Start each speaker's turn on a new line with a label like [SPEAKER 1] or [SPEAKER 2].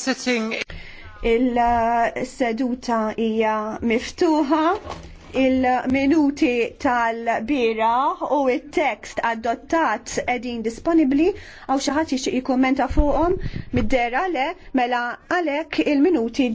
[SPEAKER 1] Sitting. Il-seduta hija miftuħa, il-minuti tal-bira u il-tekst adottat edin disponibli għaw xaħat jixtieq jikkommenta fuqhom mid-dera le
[SPEAKER 2] mela għalhekk il-minuti